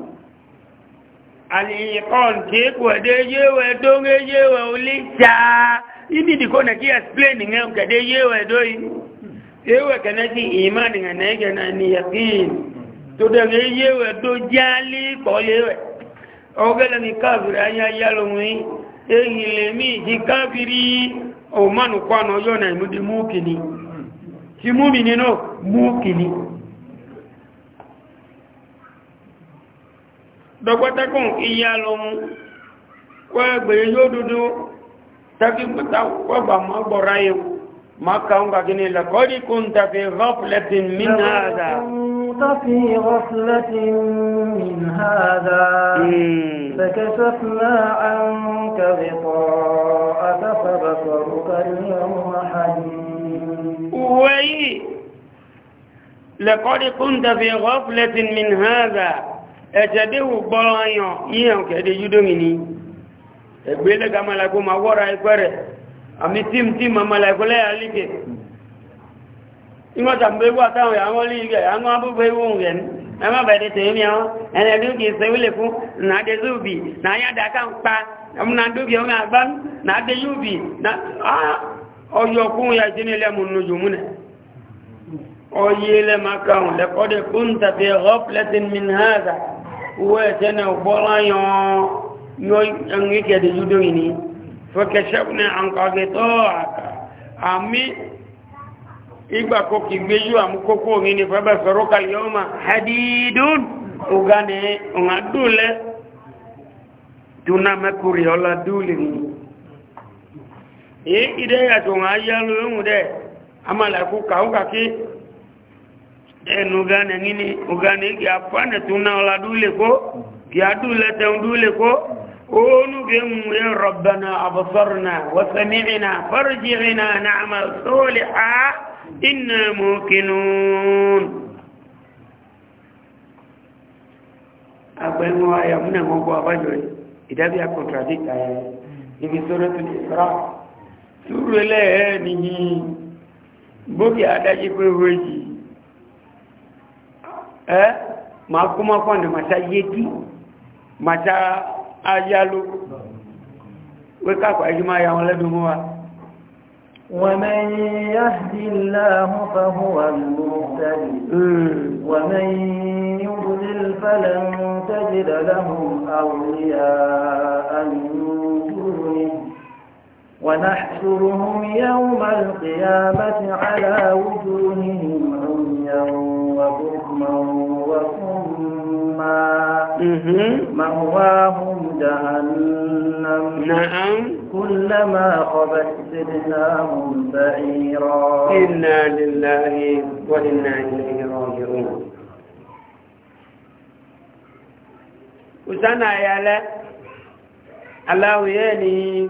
B: alilikon ti kwade yewe donge yewe ulicha ini diko na kia explain nge mkade yewe doi yewe kanati imani nga nege na ni yakin tudenge yewe do jali ko yewe ogele ni kafiri anya yalo mwi ehile mi ji kafiri o manu dɔgbɔtakun iya lomu kɔ gbɛɛ yɔ dudu taki gbɛta kɔ ba ma gbɔra ye o ma kan ka kini la kɔɔri kun ta fi ɣafilɛtin min haada.
A: fi ɣafilɛtin min haada. fakasafna an ka bi kɔɔ a
B: ẹ̀tẹ̀déwò gbọ́lọ́yàn yíyàn kẹ́dẹ̀ yúdómi ni ẹgbẹ́ lẹ́gà malagó ma wọ́ra ẹgbẹ́ rẹ̀ àmì tí tí ma malagó lẹ́yà lígẹ̀ ìwọ́n tàbíwọ́ àtàwọn àwọn lígẹ̀ àwọn abúgbé wọ́n rẹ̀ ẹmọ́ bẹ̀rẹ̀ tèmi àwọn ẹnẹ̀dú kìí ṣe wílé fún ń ya uwe tena ubola yo yo angike de judo ini fakashafna anka ge to aka ami igba ko ki gbeju am koko ni ni fa ba soroka yoma hadidun ugane ngadule tuna makuri ola dule ni e ide ya to ngaya lu mu de amala ku ka ki ẹnu gane ngini ugane ki apane tuna la dule ko ki adule tan dule ko onu ge mu ya rabbana absarna wa sami'na farji'na na'mal solihan inna muqinun agbẹnu aya múnà wọn bọ abájọ yìí ìdábí akọntradík ayẹ níbi sọ́rọ́ tó ní ìsọ́rọ́ túrú ẹlẹ́ẹ̀ẹ́ nìyí gbókè adájí pé wọ́n yìí eh ma kuma kwanda mata yeki mata ajalu weka kwa ajima ya wala dumuwa ومن
A: يهد الله فهو المهتد ومن يضلل فلن تجد لهم أولياء من دونه ونحشرهم يوم القيامة على وجوههم عميا وبكما وصما مأواهم جهنم نعم كلما خبت زدناهم
B: بعيرا إنا لله وإنا إليه راجعون وسنا يا لا الله يلي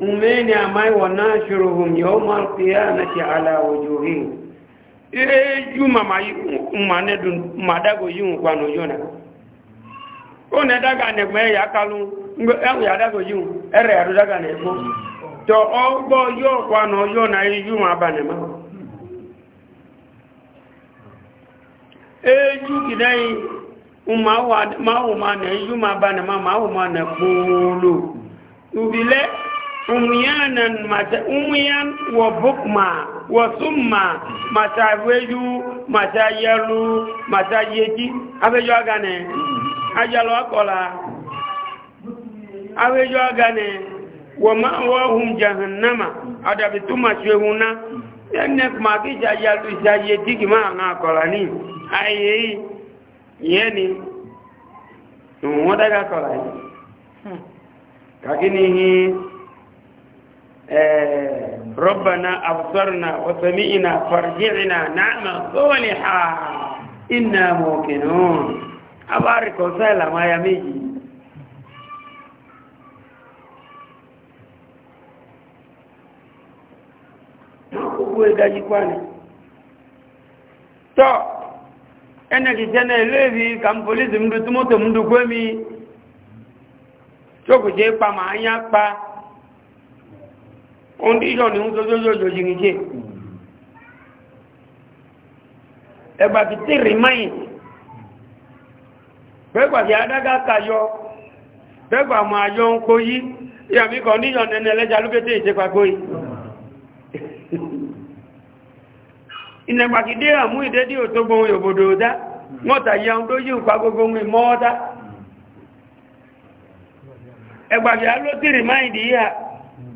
B: mmeni amai wanashuruhum yawma alqiyamati ala wujuhihim ejuma mai mmane dun madago yun kwano yona one daga ne me ya kalu ngo e ya dago yun ere ya daga ne ko to ogbo yo kwano yona ejuma bane ma eju kidai umma wa ma umma ne bane ma ma ne kulu ubile umyanan mata umyan wa bukma wa summa mata weju mata yalu mata yeji abejo agane ajalo akola abejo agane wa ma'wahum jahannama adabi tuma shehuna enne kuma ki jayalu jayeji kima na akola ni aye yeni won daga akola ni hmm. kakini ربنا أبصرنا وسمعنا فرجعنا نعم صالحا إنا موقنون أبارك وسهلا يا ميجي. gbogbo ìdájí kwani tọ́ ẹnẹ̀kì jẹ́nà ìlú èbí kàm polisi mdú tí mọ́tò mdú kwé mi ṣókùjẹ́ pa ma yá pa ohun tí ìṣọ́ ni ń sọ́sọ́sọ́sọ́ jìnì jẹ́ ẹgbà ti tí rí mẹ́yìn pẹ́gbà ti adága kayọ pẹ́gbà mọ̀ àjọ ń kó yí ìyàmí kan ní ìṣọ́nà ẹlẹ́jà lókété ìṣẹ́pàgbó yìí ìnẹ̀gbà ti dé àmú ìdẹ́dí ẹgbàgbà ló tí rí máìdí yà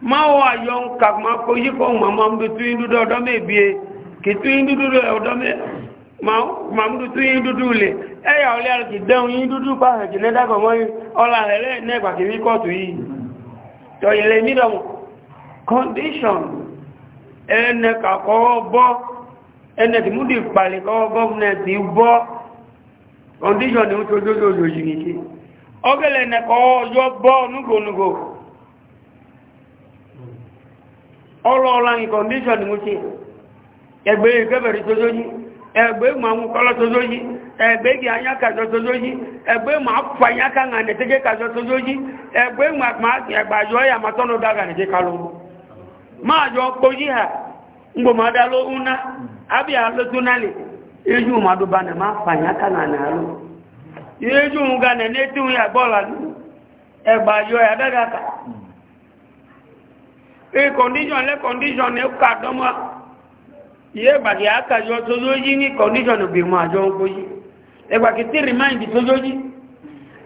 B: ma wo ayon kak ma ko yi ko ma ma mdu tu indu do do me bie ki tu indu du do do me ma ma mdu tu indu du le e ya ole al ki dan indu du pa he ki ne da ko mo ola hele ne gba ki ko to ile mi condition ene ka ko bo ene ti mudi pale ko government ti condition ni o to ogele ne ko yo bo nugo ọlọ́ọ̀lá ní kọ̀ndíṣọ̀n mú sí ẹgbẹ́ ìgẹ́bẹ̀rẹ̀ tójójí ẹgbẹ́ ìmọ̀ egbe tójójí ẹgbẹ́ ìgbẹ̀ anyákàjọ tójójí ẹgbẹ́ ìmọ̀ egbe ń ànẹ̀tẹ́gẹ́ kàjọ tójójí ẹgbẹ́ ìmọ̀ àgbàjọ ẹ̀yà màtọ́nù dága e condition le condition ne ka do ma ye ba ya ka yo to yo yi ni condition bi ma jo ko yi e ba ki ti remind to yo yi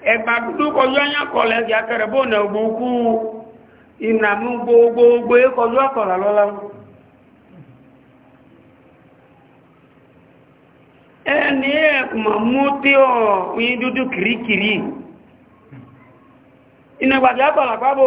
B: e ba du ko yo yan ko le ya kere bo na bu ku ina mu gbogbo gbo e ko yo ko la lo la ẹni ẹ̀kùnmọ̀ kiri, tí ọ̀ oyin dúdú kìrìkìrì inú ìgbàjẹ́ àtọ̀làpábò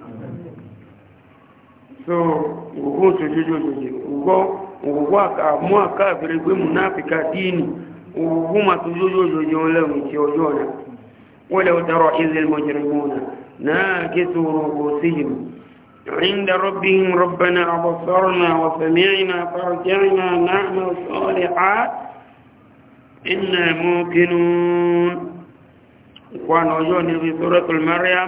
B: so ngugu sojojo jojo ugo ngugu aka mu aka bere gbe munafika dini ngugu ma sojojo jojo le mu ti na kitu utara izil mujrimuna nakisu rubusihim عند ربهم ربنا أبصرنا وسمعنا فارجعنا نعمل صالحات إنا موقنون وأنا أجوني في سورة المريم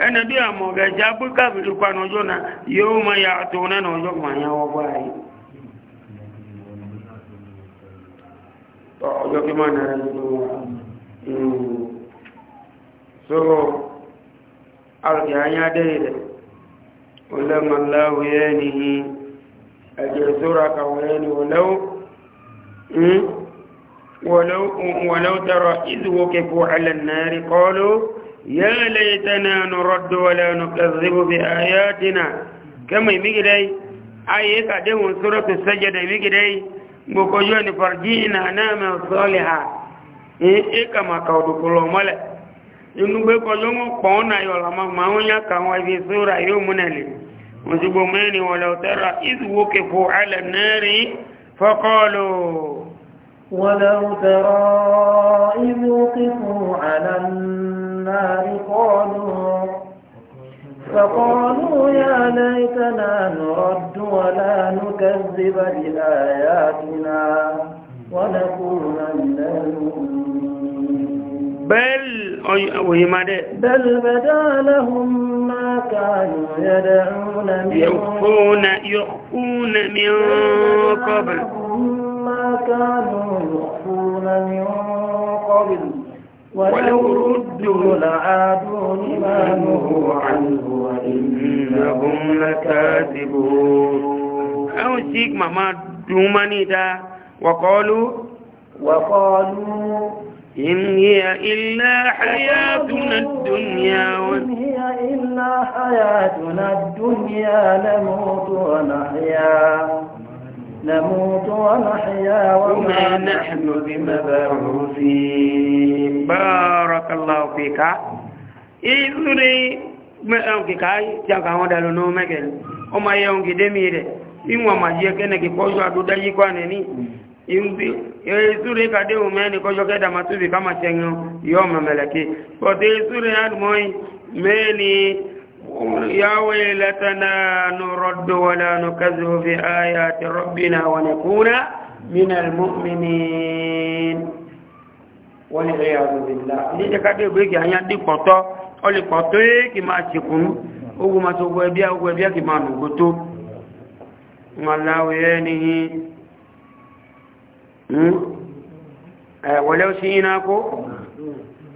B: ẹni bí àmọ̀gẹ̀ já pé káàkiri pa nọjọ́ na yóò mọ ya tó nẹ́nà ọjọ́ màáyá ọgbà yìí ọjọ́ kí máa nàrẹ̀ nínú hmm. so alùpùpù ayá dé rẹ̀ olẹ́mọ̀láwọ̀ yẹ́ nìyí ẹ̀jẹ̀ sóra kàwọ̀ yẹ́ ni wọ́lẹ́wọ̀ ولو ولو ترى إذ وقفوا يا ليتنا نرد ولا نكذب بآياتنا كما يمجدي أي كده سورة السجدة يمجدي مكوجون فرجينا نعم صالحا إيه كما كودو كل مال ينبه كوجون كونا يلا ما ما ويا كان في سورة يوم نلي وسبومني ولو ترى إذ وقفوا على النار فقالوا ولو ترى
A: إذ وقفوا على النار النار قالوا فقالوا يا ليتنا نرد ولا نكذب بآياتنا ونكون من المؤمنين بل
B: بل بدا لهم
A: ما كانوا يدعون من يخفون
B: يخفون من قبل
A: ما كانوا يخفون من قبل ولو ردوا لعادوا لما نهوا
B: عنه وإنهم لكاذبون أو سيك ماما دوماني دا وقالوا وقالوا إن هي إلا حياتنا الدنيا إن هي
A: إلا حياتنا الدنيا نموت ونحيا نموت ونحيا وما نحن بمبعوثين بارك
B: الله فيك إذري مأوكيك جاك هون دلونو مكل وما يونكي دميري إنما ما جيكنك كوشو أدودا يكوانني ìsúre kàdé òmẹ́ni kọjọ́ kẹ́dà máa túbì ká máa ṣẹyàn yọ́ mẹ́mẹ́lẹ̀kí pọ̀tẹ́ ìsúre àdùmọ́yìn mẹ́ni يا ويلتنا نرد ولا نكذب بآيات ربنا ونكون من المؤمنين والعياذ بالله ni ka de gbe ki anya di poto o le poto e ki ma chikun ogu ma so gbe bia ogu bia ki ma nu goto ngalawe ni hmm eh wala usina ko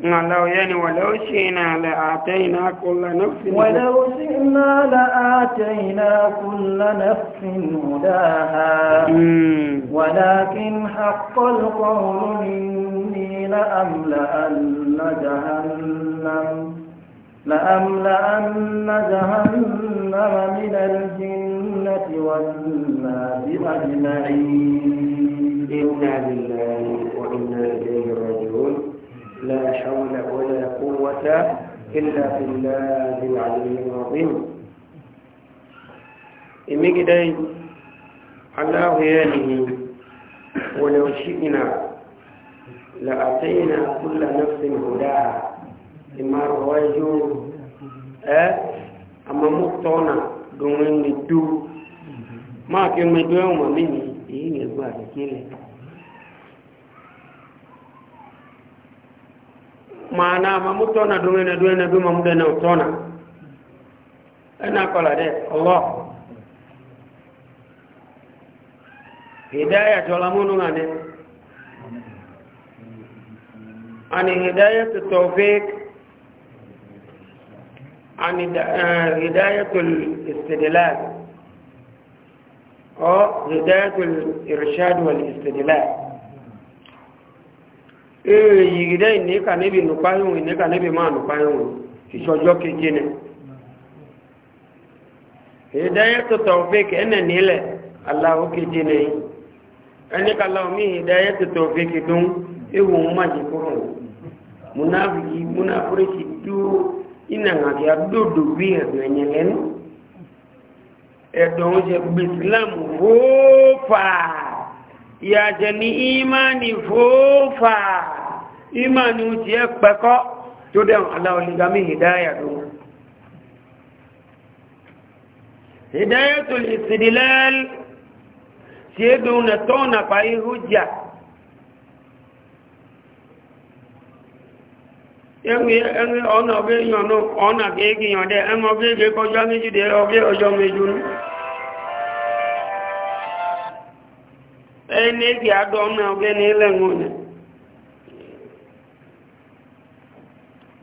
B: ولو نعم، يعني ولو شئنا لآتينا كل نفس ولو
A: شئنا لآتينا كل نفس هداها ولكن حق القول مني لأملأن جهنم لأملأن جهنم من الجنة والناس أجمعين إنا لله وإنا إليه
B: لا حول ولا قوة إلا بالله العلي العظيم إمجدي على غيانه ولو شئنا لأتينا كل نفس هداها إما رواجون أه أما مقتونا دون الدو ما كان مدوى وما مني إيه يقول لك maana mamutona dungena duena duma mudena utona ena kola de allah hidayah jola munungane ani hidayah tu taufik. ani eh, hidayah al-istidlal او هدايه الارشاد والاستدلال ee eh, yìgìdẹ́ ìníkà níbi nùpáyùn ìníkà níbi máa nùpáyùn ìṣọjọ́ keje ni ìdáyẹ́ tó tọ̀fíkì ẹnẹ̀ nílẹ̀ aláwọ̀ keje ni ẹnikàláwọ̀ mí ìdáyẹ́ tó tọ̀fíkì dún ewu mọ́jì kúrò munafiki munafuriki dúró iná àti àdódò bí ẹ̀dùn ẹ̀yìn lẹ́nu ẹ̀dùn oúnjẹ gbèsìlámù ní ìmánì ìmánu ti ẹ pẹ̀kọ́ tó dẹ̀ aláwọ̀lẹ́gbàmí ìdáyà tó wọ́n ìdáyà tó lè sìdìlẹ́lì tí é dùn nà tó nà parí hujjá ẹ̀rùn ọ̀nà ọ̀gbẹ́ ìyànnú ọ̀nà gẹ́gẹ́ ìyànjẹ́ ẹmọ gẹ́gẹ́ kọjọ́ méjìdẹ̀ ọgbẹ́ ọjọ́ méjìdẹ̀ ẹni gẹ́ adọ́ ọmọ ọgbẹ́ ní ilẹ̀ ń wọ̀nyẹ̀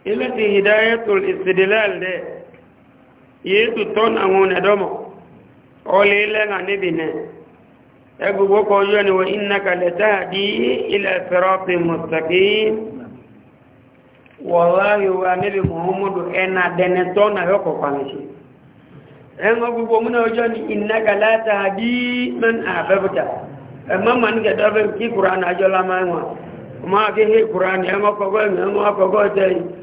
B: ilé ti hidayatul istidilal dẹ yìí tó tọ́nà àwọn ọ̀nàdọ́mọ̀ ọlẹ́ ilẹ́nà níbi nẹ ẹgbogbo ko ẹni wọ innaka latahdi ila siratin mustaqim wallahi wa níbi muhammadu ẹna dẹni tọ́nà yọkọ̀ pàmìṣì ẹnà gbogbo múnà ọjọ́ ni innaka latahdi man ahbabta ẹmọ́ mọ̀ ní kẹtọ́fẹ́ kí kùránì àjọ́lá máa ń wà máa kéhe kùránì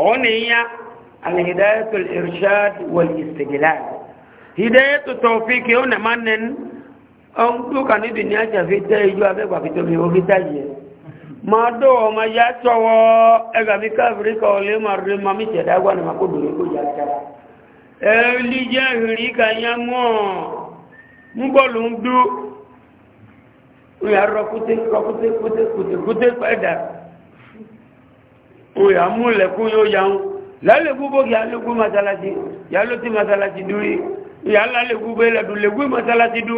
B: أغنية الهداية الإرشاد والاستجلال هداية التوفيق هنا من أن تكون الدنيا جفيتة يجوا بك وفتوه وفتاجه ma dó ọmọ ya tọwọ́ ẹgbàmí káfìrí kan olè ma rí ma mi tẹ̀dá wà ní makó dòrò kó ya ta ẹ̀rí jẹ́ ìrí ka ya mọ́ ń bọ́ọ̀lù ń dú ìyá rọkúté rọkúté kúté kúté kúté pẹ́dà òyà múlẹ̀kún yóò yàun lálẹ́gbogbo yàlógún masalasi yàlótí masalasi dúrí yàlálẹ́gbogbo ẹlẹ́dùn lẹ́gbẹ́ masalasi dú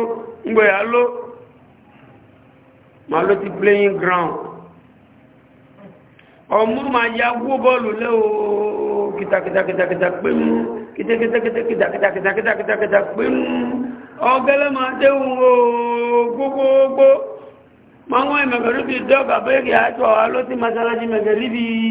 B: ngbẹ̀ yàló malóti playing ground ọmọ ma ya gbó bọ́ọ̀lù lẹ́ ooo kìtàkìtàkìtàkìtà pé mú kìtàkìtàkìtàkìtàkìtà pé mú ọgẹ́lẹ́ ma déhùn ooo gbogbogbò ma wọ́n ìmẹ̀gẹ̀rí masalasi bíi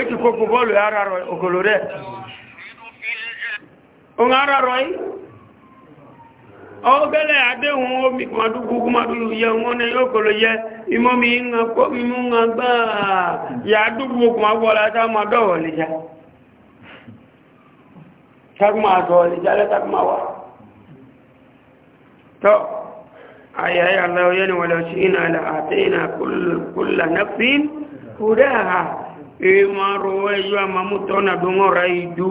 B: eki koko bọ́ọ̀lù ara rọ̀ òkòlò rẹ̀ òun ara rọ̀ yìí ọgẹ́lẹ̀ adéhùn omi kùmàdúkú kùmàdúkú yẹ wọn ní òkòlò yẹ imọ́ mi ń kọ́ imú ń gbáà yà dúgbò kùmàgbọ́lá tá máa dọ̀wọ̀ níjà takuma àdọ̀wọ̀ níjà lẹ́ takuma wá tọ́ ayé ayé aláwọ̀ yẹ́ ni wọ́n emarụwa ju amamụtọ na dụnwụra idu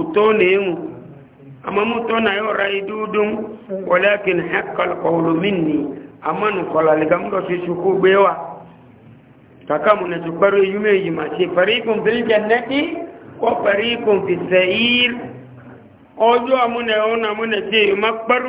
B: ụtọ na enwu amamụtọ na ịghọra idu dum walakin hakalqawlu minni amanu kolalika mdo sisuku bewa kakamu na tukbaru yumeji mashi farikum fil jannati wa farikum fis sa'ir ojo amune ona amune ti makbaru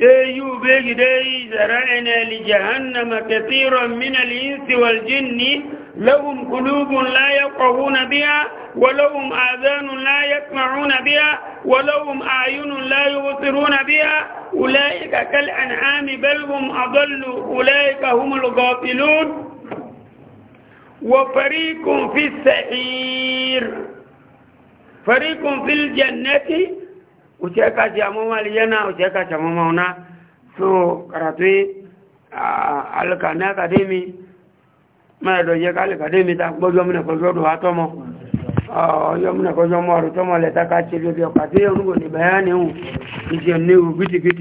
B: ايو بيجدي زرعنا لجهنم كثيرا من الانس والجن لهم قلوب لا يفقهون بها ولهم آذان لا يسمعون بها ولهم أعين لا يبصرون بها أولئك كالأنعام بل هم أضل أولئك هم الغافلون وفريق في السعير فريق في الجنة ucheka cha mama aliana ucheka cha mama una so karatu alkana academy mara doje kale academy ta gbojo mna gbojo do atomo ọjọ́ múnà kọjọ́ mọ́ ọ̀rọ̀ tọ́mọ̀ lẹ́ta ká ṣe lóbi ọ̀pàá tí ó ń gò ní bayani hù ìṣẹ́ ní ìwò gbítìgbítì